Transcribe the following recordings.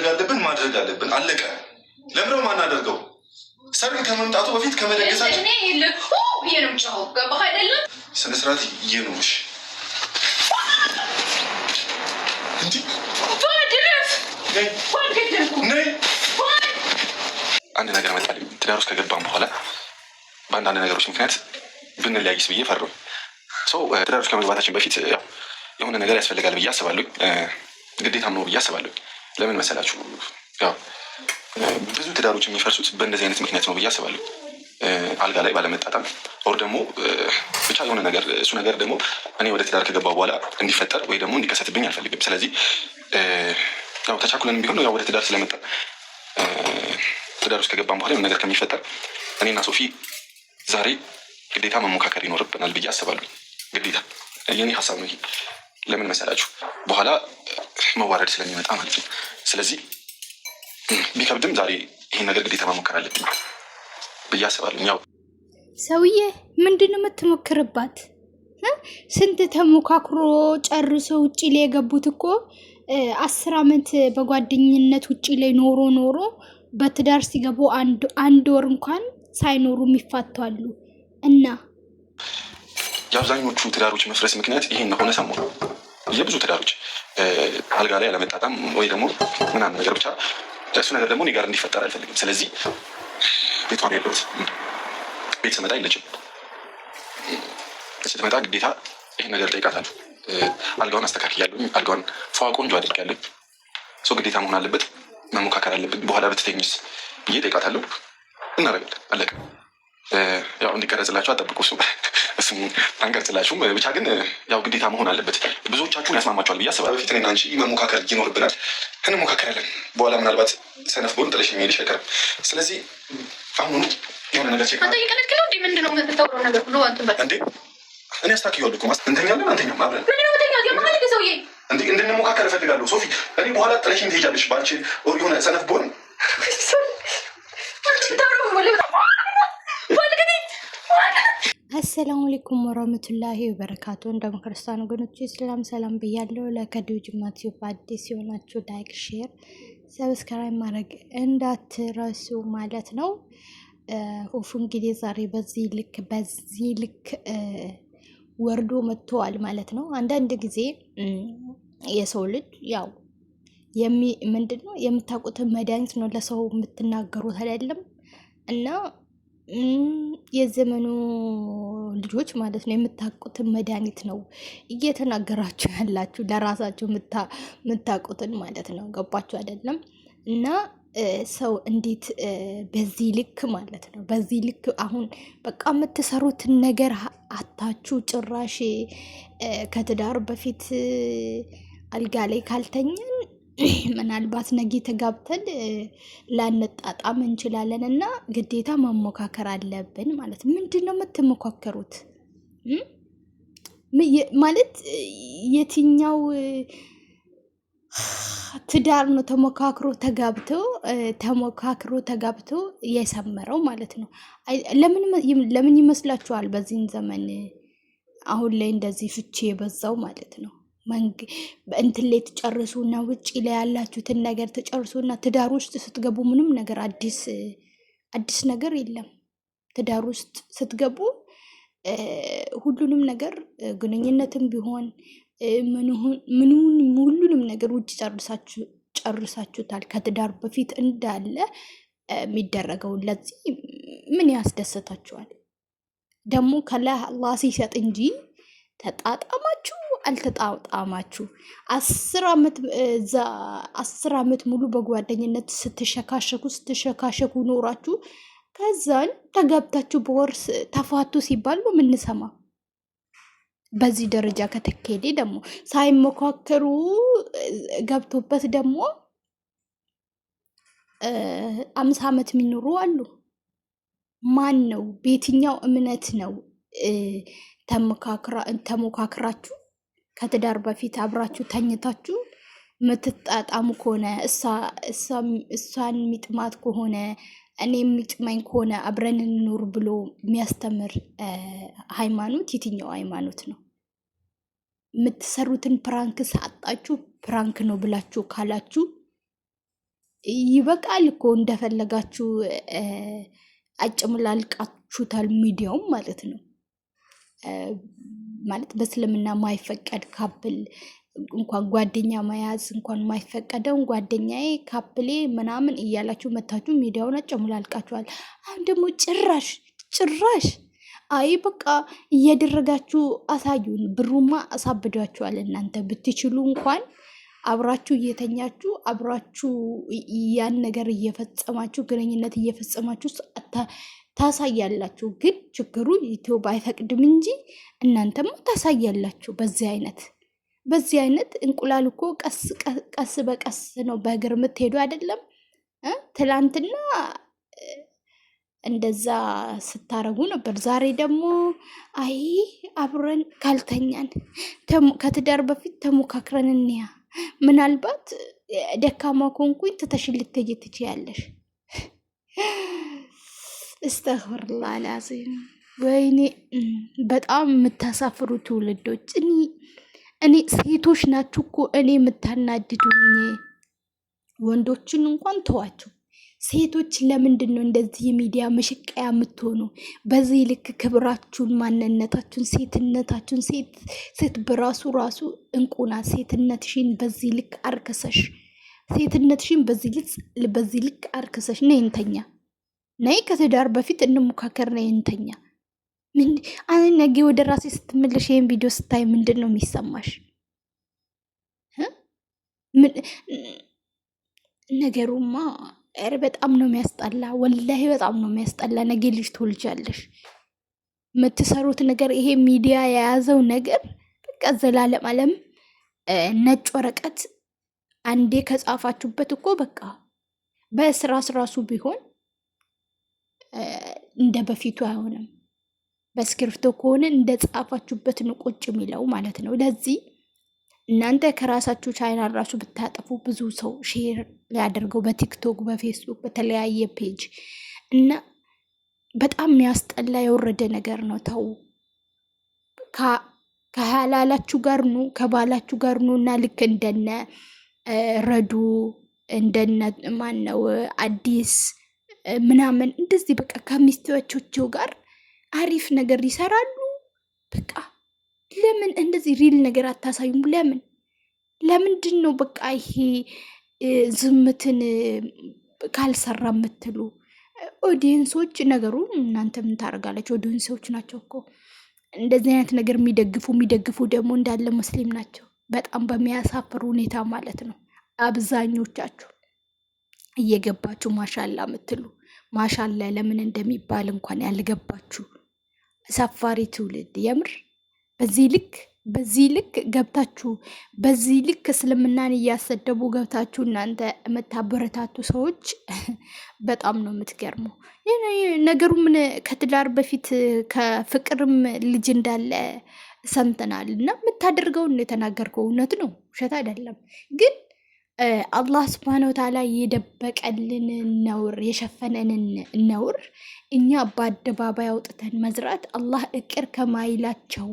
ማድረግ አለብን ማድረግ አለብን። አለቀ። ለምረው ማናደርገው ሰርግ ከመምጣቱ በፊት ከመደገሳችን ስነስርዓት እየኖርሽ አንድ ነገር መጣ። ትዳር ውስጥ ከገባም በኋላ በአንዳንድ ነገሮች ምክንያት ብንለያይስ ብዬ ፈሩ ሰው ትዳር ውስጥ ከመግባታችን በፊት የሆነ ነገር ያስፈልጋል ብዬ አስባለሁ። ግዴታም ነው ብዬ አስባለሁ። ለምን መሰላችሁ? ያው ብዙ ትዳሮች የሚፈርሱት በእንደዚህ አይነት ምክንያት ነው ብዬ አስባለሁ። አልጋ ላይ ባለመጣጣም ኦር ደግሞ ብቻ የሆነ ነገር እሱ ነገር ደግሞ እኔ ወደ ትዳር ከገባ በኋላ እንዲፈጠር ወይ ደግሞ እንዲከሰትብኝ አልፈልግም። ስለዚህ ያው ተቻኩለንም ቢሆን ያው ወደ ትዳር ስለመጣ ትዳር ውስጥ ከገባን በኋላ የሆነ ነገር ከሚፈጠር እኔና ሶፊ ዛሬ ግዴታ መሞካከር ይኖርብናል ብዬ አስባለሁ። ግዴታ የኔ ሀሳብ ነው ይሄ። ለምን መሰላችሁ በኋላ መዋረድ ስለሚመጣ ማለት ነው። ስለዚህ ቢከብድም ዛሬ ይሄን ነገር ግዴታ መሞከር አለብኝ ብዬ አስባለሁ። ያው ሰውዬ ምንድን ነው የምትሞክርባት? ስንት ተሞካክሮ ጨርሶ ውጭ ላይ የገቡት እኮ አስር አመት በጓደኝነት ውጭ ላይ ኖሮ ኖሮ በትዳር ሲገቡ አንድ ወር እንኳን ሳይኖሩ የሚፋቷሉ። እና የአብዛኞቹ ትዳሮች መፍረስ ምክንያት ይሄን ሆነ ሰሞኑን የብዙ ትዳሮች አልጋ ላይ አለመጣጣም ወይ ደግሞ ምናምን ነገር ብቻ እሱ ነገር ደግሞ እኔ ጋር እንዲፈጠር አልፈልግም። ስለዚህ ቤቷ ያለት ቤት ስመጣ የለችም። ስትመጣ ግዴታ ይህን ነገር ጠይቃታል። አልጋውን አስተካክያለሁ፣ አልጋውን ፏ ቆንጆ አድርጊያለሁ። ሰው ግዴታ መሆን አለበት፣ መሞካከር አለበት። በኋላ ብትተኝስ ብዬ ጠይቃታለሁ። እናደርጋለን። አለቀ። ያው እንዲቀረጽላቸው አጠብቁ እሱ እሱም አንቀጥላችሁም። ብቻ ግን ያው ግዴታ መሆን አለበት። ብዙዎቻችሁን ያስማማችኋል ብዬ አስባለሁ። በፊት እኔና አንቺ መሞካከር ይኖርብናል። እንሞካከራለን። በኋላ ምናልባት ሰነፍ ብሆን ጥለሽ የሚሄድ አይቀርም። ስለዚህ አሁኑ የሆነ ነገር እኔ አስታክያለሁ እኮ እንተኛለን። አንተኛም አብረን እንድንሞካከር እፈልጋለሁ ሶፊ። እኔ በኋላ ጥለሽ ትሄጃለሽ ባንቺ የሆነ ሰነፍ ቦን አሰላሙ አለይኩም ወራህመቱላሂ ወበረካቱ። እንደምን ክርስቲያን ወገኖች ሰላም ሰላም ብያለሁ። ለከዲው ጅማ ቲዩብ አዲስ የሆናችሁ ላይክ፣ ሼር፣ ሰብስክራይብ ማድረግ እንዳትረሱ ማለት ነው። ሁፉ እንግዲህ ዛሬ በዚህ ልክ በዚህ ልክ ወርዶ መጥተዋል ማለት ነው። አንዳንድ ጊዜ የሰው ልጅ ያው ምንድን ነው የምታውቁትን መድኃኒት ነው ለሰው የምትናገሩት አይደለም እና የዘመኑ ልጆች ማለት ነው የምታውቁትን መድኃኒት ነው እየተናገራችሁ ያላችሁ ለራሳችሁ የምታውቁትን ማለት ነው። ገባችሁ አይደለም? እና ሰው እንዴት በዚህ ልክ ማለት ነው በዚህ ልክ አሁን በቃ የምትሰሩትን ነገር አታችሁ ጭራሽ ከትዳር በፊት አልጋ ላይ ካልተኛ ምናልባት ነገ ተጋብተን ላንጣጣም እንችላለን እና ግዴታ መሞካከር አለብን ማለት ነው። ምንድን ነው የምትሞካከሩት? ማለት የትኛው ትዳር ነው ተሞካክሮ ተጋብቶ ተሞካክሮ ተጋብቶ የሰመረው ማለት ነው? ለምን ይመስላችኋል? በዚህን ዘመን አሁን ላይ እንደዚህ ፍቺ የበዛው ማለት ነው። እንትን ላይ ትጨርሱና ውጭ ላይ ያላችሁትን ነገር ትጨርሱና ትዳር ውስጥ ስትገቡ ምንም ነገር አዲስ አዲስ ነገር የለም። ትዳር ውስጥ ስትገቡ ሁሉንም ነገር ግንኙነትም ቢሆን ምንሁን ሁሉንም ነገር ውጭ ጨርሳችሁታል። ከትዳር በፊት እንዳለ የሚደረገውን ለዚህ ምን ያስደሰታችኋል? ደግሞ ከላይ አላህ ሲሰጥ እንጂ ተጣጣማችሁ አልተጣጣማችሁ። አስር ዓመት ሙሉ በጓደኝነት ስትሸካሸኩ ስትሸካሸኩ ኖራችሁ ከዛን ተጋብታችሁ በወር ተፋቱ ሲባል ነው የምንሰማ። በዚህ ደረጃ ከተካሄደ ደግሞ ሳይመካከሩ ገብቶበት ደግሞ አምስት ዓመት የሚኖሩ አሉ። ማን ነው? በየትኛው እምነት ነው ተሞካክራችሁ ከትዳር በፊት አብራችሁ ተኝታችሁ ምትጣጣሙ ከሆነ እሷን የሚጥማት ከሆነ እኔ የሚጥመኝ ከሆነ አብረን እንኖር ብሎ የሚያስተምር ሃይማኖት የትኛው ሃይማኖት ነው? የምትሰሩትን ፕራንክ ሳጣችሁ ፕራንክ ነው ብላችሁ ካላችሁ ይበቃል እኮ እንደፈለጋችሁ አጭምላልቃችሁታል፣ ሚዲያውም ማለት ነው። ማለት በእስልምና ማይፈቀድ ካፕል እንኳን ጓደኛ መያዝ እንኳን ማይፈቀደውን ጓደኛዬ ካፕሌ ምናምን እያላችሁ መታችሁ ሚዲያውን አጨሙላልቃችኋል። አሁን ደግሞ ጭራሽ ጭራሽ አይ በቃ እያደረጋችሁ አሳዩን። ብሩማ አሳብዷችኋል። እናንተ ብትችሉ እንኳን አብራችሁ እየተኛችሁ አብራችሁ ያን ነገር እየፈጸማችሁ ግንኙነት እየፈጸማችሁ ታሳያላችሁ። ግን ችግሩ ዩቲዩብ አይፈቅድም እንጂ እናንተም ታሳያላችሁ። በዚህ አይነት በዚህ አይነት እንቁላል እኮ ቀስ በቀስ ነው በእግር የምትሄዱ አይደለም። ትላንትና እንደዛ ስታረጉ ነበር። ዛሬ ደግሞ አይ አብረን ካልተኛን ከትዳር በፊት ተሞካክረን እንያ ምናልባት ደካማ ኮንኩኝ ትተሽን ልትሄጂ ትችያለሽ። እስተግፍርላ አልዓዚም። ወይኔ በጣም የምታሳፍሩ ትውልዶች። እኔ እኔ ሴቶች ናችሁ እኮ እኔ የምታናድዱኝ። ወንዶችን እንኳን ተዋቸው። ሴቶች ለምንድን ነው እንደዚህ የሚዲያ መሸቀያ የምትሆኑ? በዚህ ልክ ክብራችሁን፣ ማንነታችሁን፣ ሴትነታችሁን ሴት በራሱ ራሱ እንቁና ሴትነትሽን በዚህ ልክ አርከሰሽ ሴትነትሽን በዚህ ልክ አርከሰሽ ነው ይንተኛ ነይ ከትዳር በፊት እንሞካከር፣ ነይ እንተኛ። ነገ ወደ ራሴ ስትመለሽ ይህን ቪዲዮ ስታይ ምንድን ነው የሚሰማሽ? ነገሩማ ኧረ በጣም ነው የሚያስጠላ። ወላሂ በጣም ነው የሚያስጠላ። ነገ ልጅ ትወልጃለሽ። የምትሰሩት ነገር ይሄ ሚዲያ የያዘው ነገር በቃ ዘላለም አለም ነጭ ወረቀት አንዴ ከጻፋችሁበት እኮ በቃ በስራ ቢሆን እንደ በፊቱ አይሆንም። በእስክሪብቶ ከሆነ እንደ ጻፋችሁበት ነው ቁጭ የሚለው ማለት ነው። ለዚህ እናንተ ከራሳችሁ ቻይናል ራሱ ብታጠፉ ብዙ ሰው ሼር ሊያደርገው በቲክቶክ፣ በፌስቡክ፣ በተለያየ ፔጅ እና በጣም የሚያስጠላ የወረደ ነገር ነው። ተው ከሀላላችሁ ጋር ኑ፣ ከባላችሁ ጋር ኑ እና ልክ እንደነ ረዱ እንደነ ማን ነው አዲስ ምናምን እንደዚህ በቃ ከሚስቶቻቸው ጋር አሪፍ ነገር ይሰራሉ። በቃ ለምን እንደዚህ ሪል ነገር አታሳዩም? ለምን ለምንድን ነው በቃ ይሄ ዝምትን ካልሰራ የምትሉ ኦዲየንሶች? ነገሩ እናንተ ምን ታደርጋላችሁ? ኦዲየንሶች ናቸው እኮ እንደዚህ አይነት ነገር የሚደግፉ የሚደግፉ ደግሞ እንዳለ ሙስሊም ናቸው። በጣም በሚያሳፍር ሁኔታ ማለት ነው አብዛኞቻችሁ እየገባችሁ ማሻላ የምትሉ ማሻላ ለምን እንደሚባል እንኳን ያልገባችሁ ሰፋሪ ትውልድ የምር በዚህ ልክ በዚህ ልክ ገብታችሁ በዚህ ልክ እስልምናን እያሰደቡ ገብታችሁ እናንተ የምታበረታቱ ሰዎች በጣም ነው የምትገርመው። ነገሩ ምን ከትዳር በፊት ከፍቅርም ልጅ እንዳለ ሰምተናል እና የምታደርገውን የተናገርከው እውነት ነው፣ ውሸት አይደለም ግን አላህ ስብሐነ ወተዓላ የደበቀልንን ነውር የሸፈነንን ነውር እኛ በአደባባይ አውጥተን መዝራት አላህ እቅር ከማይላቸው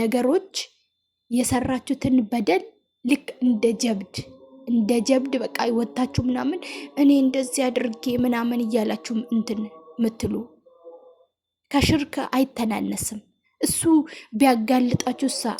ነገሮች የሰራችሁትን በደል ልክ እንደ ጀብድ እንደ ጀብድ በቃ ይወታችሁ ምናምን እኔ እንደዚህ አድርጌ ምናምን እያላችሁ እንትን ምትሉ ከሽርክ አይተናነስም። እሱ ቢያጋልጣችሁ ሳ